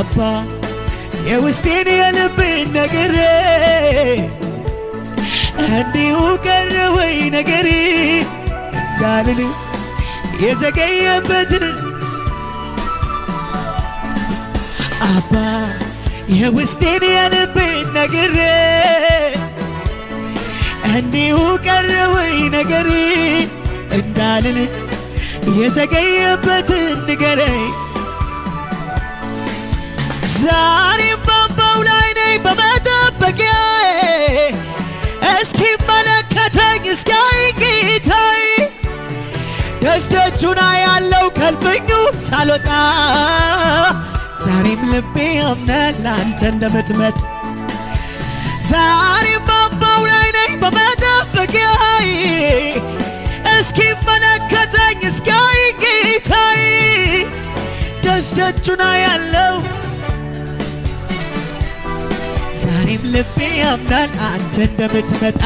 አባ የውስጤን የልቤን ነገሬ እንዲሁ ቀረ ወይ ነገር እንዳልል የዘገየበትን አባ የውስጤን የልቤን ነገሬ እንዲሁ ቀረ ወይ ነገሬ እንዳልል የዘገየበትን ንገረኝ ዛሬም ባምባው ላይ ነኝ በመጠበቂያ እስኪመለከተኝ እስኪያይ ጌታዬ ደስደቹና ያለው ከልፍኙ ሳልወጣ ዛሬም ልቤ ያምናል አንተ እንደምትመጣ ዛሬም ባምባው ላይ ነኝ በመጠበቂያ እስኪመለከተኝ እስኪያይ ጌታዬ ደስደቹና ያለው ዛሬም ልቤ ያምናል አንተ እንደምትመጣ